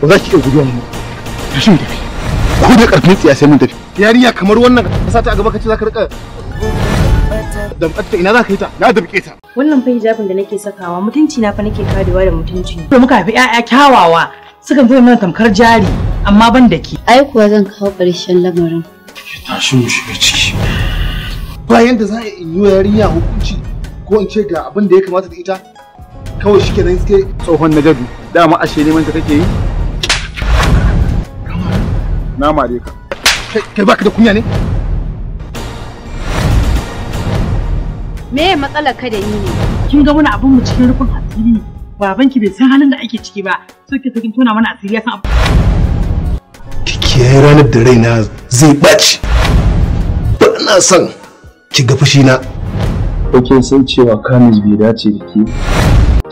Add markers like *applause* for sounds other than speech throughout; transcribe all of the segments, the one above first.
ba za ki iya guduwa mu ta shi tafi ko da karfin tsiya sai mun tafi yariya kamar wannan ka sa ta a gaba ka ce za ka rika damƙatta ina za ka yi ta na damƙe ta wannan fa hijabin da nake sakawa mutunci na fa nake karewa da mutunci da muka fi ƴaƴa kyawawa sukan zo mana tamkar jari amma ban da ke ai kuwa zan kawo ƙarshen lamarin tashi mu shiga ciki bayan da za a yi yarinya hukunci ko in ce ga abin da ya kamata da ita kawai shi kenan sai tsohon na gado dama ashe neman ta kake yi na mare ka kai baka da kunya ne me matsalar ka da ni ne kin ga wani abun mu cikin rufin asiri babanki bai san halin da ake ciki ba so ta tukin tona mana asiri ya san abu kiyaye ranar da raina zai ɓaci ba na son ki ga fushi na kin san cewa kamis bai dace da ke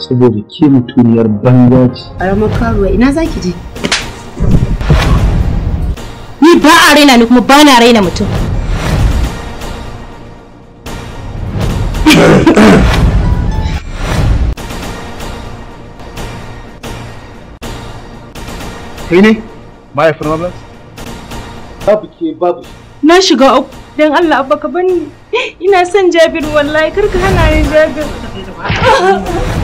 saboda ke mutuniyar banza ce. Ƙaramar karuwa ina za ki je? a raina ni kuma ba na raina mutum kai ne mahaifin mamlas babu ke babu na shiga uku don allah abba ka bani ina son jabir wallahi karka hana ni jabir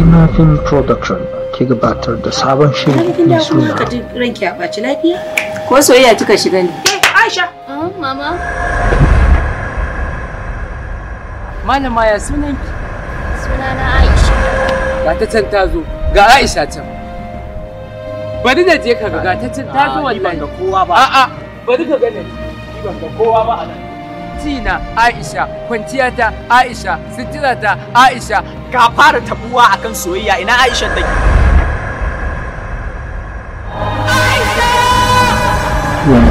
Sima Film Production ke gabatar da sabon shirin mai suna. Ka ji ranki a lafiya? Ko soyayya kika shiga ne? Eh, Aisha. Ah, mama. sunan ki? Sunana Aisha. Ga ta can ta zo, ga Aisha can. Bari na je ka ga ga ta can ta zo ah, wallahi. Ban ga kowa ba. A'a, bari ka gane. Ban ga kowa ba a nan. Tina Aisha, kwanciyata Aisha, Aisha, ka fara tabuwa akan soyayya ina Aisha take Aisha san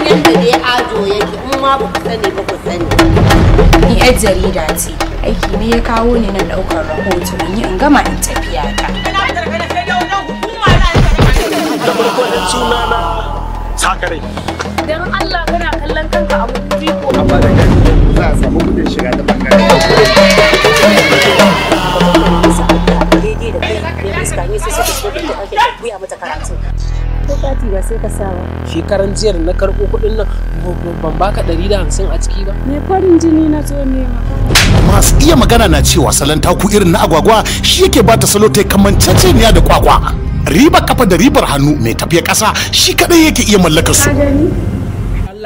yadda dai ajo yake in ma ba ku sani ba ku sani ni yar jarida ce aiki ne ya kawo ni na ɗaukar rahoto ni in gama in tafiya ta da farko da sunana sakarai don Allah kana kallon kanka abu ba da gani za a samu kudin shiga da bangare kati ba jiyar na karɓo kuɗin nan ban baka ɗari da hamsin a ciki ba. Me farin jini na zo Masu iya magana na cewa salon taku irin na agwagwa shi yake bata salo ta kamanceceniya da kwakwa. Riba kafa da ribar hannu mai tafiya ƙasa shi kaɗai yake iya mallakar su.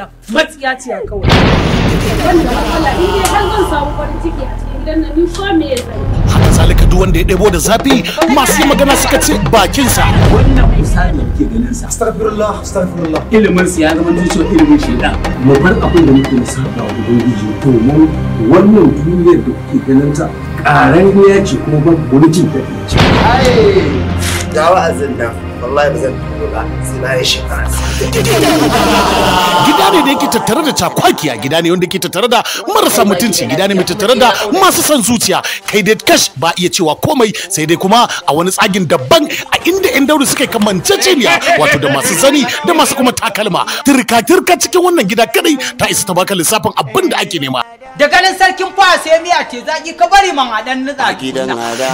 Allah matsiya ce kawai Allah in dai har zan samu farin ciki a cikin gidan nan ni ko me zai haka zalika duk wanda ya ɗebo da zafi masu yi magana suka ce bakinsa. Wannan kusa ne muke ganin sa. Astagfirullah, astagfirullah. Ilimin sa ya zama zuciya ilimin shaidan. Mu bar abin da muke lissafa wa Ubangiji domin wannan duniyar da kuke ganin ta ƙararriya ce kuma ban wani jin daɗi ce. Ai, da wa'azin nan wallahi ba zan tuno ba sai na yi shekara. gida ne da yake tattare da cakwakiya gida ne wanda yake tattare da marasa mutunci gida ne mai tattare da masu son zuciya kai dai kash ba iya cewa komai sai dai kuma a wani tsagin daban a inda yan dauri suka kamanceceniya wato da masu sani da masu kuma takalma tirka tirka cikin wannan gida kadai ta isa ta baka lissafin abin da ake nema da ganin sarkin fa sai miya ce zaki ka bari man dan nutsa gidan hada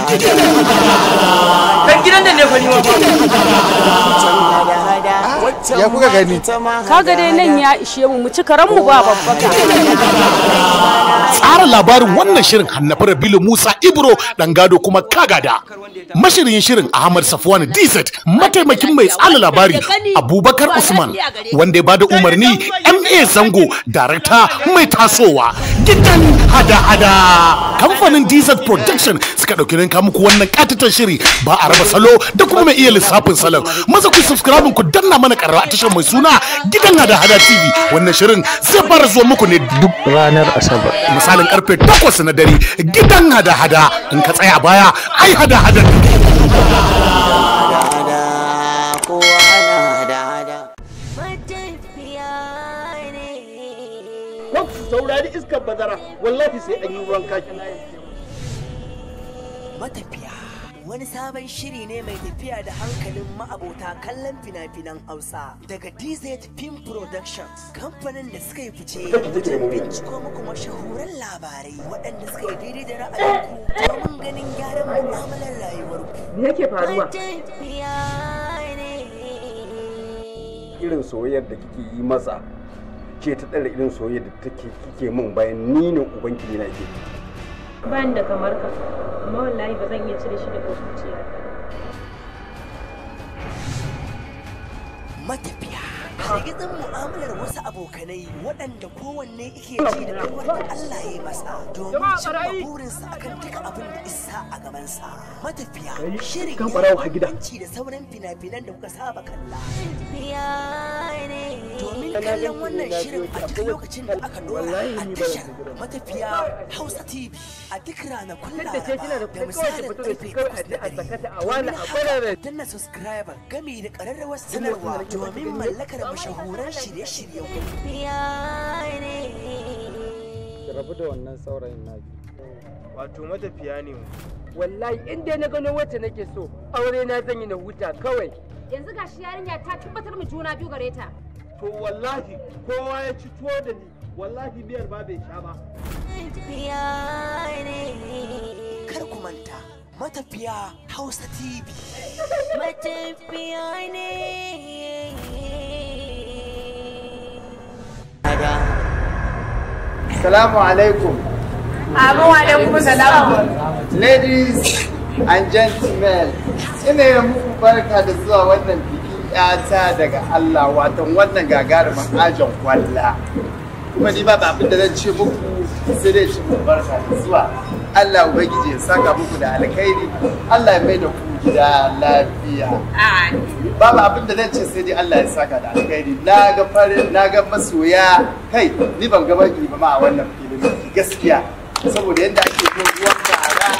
gidan da ne fa ni wa ya kuka gani kaga dai nan ya ishe mu mu ci karan mu ba babbaka tsara labarin wannan shirin hannafa rabilu musa ibro dan gado kuma kagada mashirin shirin ahmad safwan dz mataimakin mai tsara labari abubakar usman wanda ya bada umarni ma zango darakta mai tasowa gidan hada-hada kamfanin desert production suka ɗauki ninka muku wannan katatar shiri ba a raba salo da kuma mai iya lissafin salon maza ku subscribe ku danna mana karara a tashar mai suna gidan hada-hada tv wannan shirin zai fara zuwa muku ne duk ranar asabar misalin karfe 8 na dare gidan hada-hada in ka tsaya baya ai hada-hada ka bazara wallahi sai an yi ruwan kaki matafiya wani sabon shiri ne mai tafiya da hankalin ma'abota kallon fina-finan hausa daga dz film productions kamfanin da suka yi fice wajen binciko muku mashahuran labarai waɗanda suka yi daidai da ra'ayinku domin ganin gyaran mu'amalar rayuwarku me yake faruwa irin soyayyar da kike yi masa ce ta tsare irin soyayya da take kike min bayan ni ne ubanki ne nake ban da kamar ka amma wallahi ba zan iya cire shi daga zuciya matafiya shigidin mu'amalar wasu abokanai waɗanda kowanne ike ji da ɗan da Allah ya masa domin cimma burinsa akan duka abin da isa a gabansa matafiya shirin ya da sauran fina-finan da kuka saba kalla kallon wannan shirin a duk lokacin da aka dora a tashar matafiya Hausa TV a duk ranakun Laraba da misalin karfe 8 na dare. Domin haka danna subscriber gami da ƙararrawar sanarwa domin mallakar mashahuran shirye-shiryen. Rabu da wannan saurayin naki. Wato matafiya ne mu. Wallahi inda na gano wacce nake so aure na zan yi na huta kawai. Yanzu gashi yarinya ta tabbatar mu juna biyu gare ta. to wallahi kowa ya ci tuwo da ni wallahi biyar ba bai sha ba kar ku manta matafiya hausa tv matafiya ne Assalamu alaikum. Abu alaikum salamu. Ladies and gentlemen, ina yi muku barka da zuwa wannan biyu. 'yata daga Allah watan wannan gagarumin ajin kwalla kuma ni ba abin da zan ce muku sai dai shi barka da zuwa Allah ubangiji ya saka muku da alkhairi Allah ya mai da ku gida lafiya Ba abin da zan ce sai dai Allah ya saka da alkhairi na ga fare na ga masoya kai ni ban ga baki ba ma a wannan filin gaskiya saboda yadda ake ruwan tara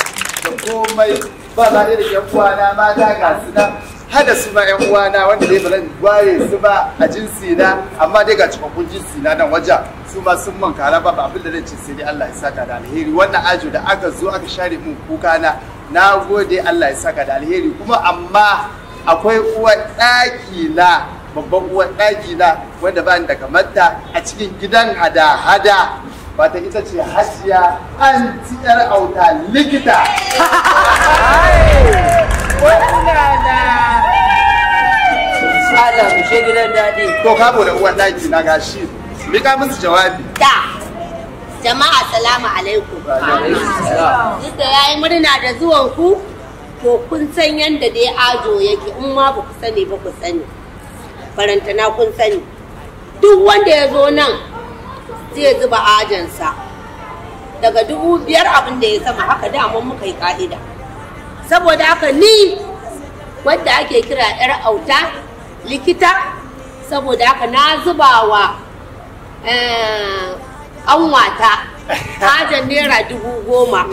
da komai ba za da yan na mata ga su nan hada su ma yan uwana wanda dai bazan gware su ba a jinsi na amma dai ga cikakkun jinsi na nan wajen su ma sun man kara ba abin da zan ce sai dai Allah ya saka da alheri wannan ajo da aka zo aka share min kuka na na gode Allah ya saka da alheri kuma amma akwai uwa daki na babban uwa ɗaki na wanda ba ni da kamarta a cikin gidan hada-hada wata ita ce hasiya an yar auta likita *laughs* Allah mu she gidan daɗi. To ka da uwan daki na gashi. ka musu jawabi. Da. Jama'a salamu alaikum. Duk da yayi murna da zuwan ku to kun san yanda dai ajo yake in ma ba ku sani ba ku sani. Farantana kun sani. Duk wanda ya zo nan zai zuba ajansa. Daga dubu biyar abin da ya sama haka daman muka yi ka'ida. Saboda haka ni wadda ake kira 'yar auta likita saboda haka na zuba wa eh, an wata *laughs* hajjar naira dubu goma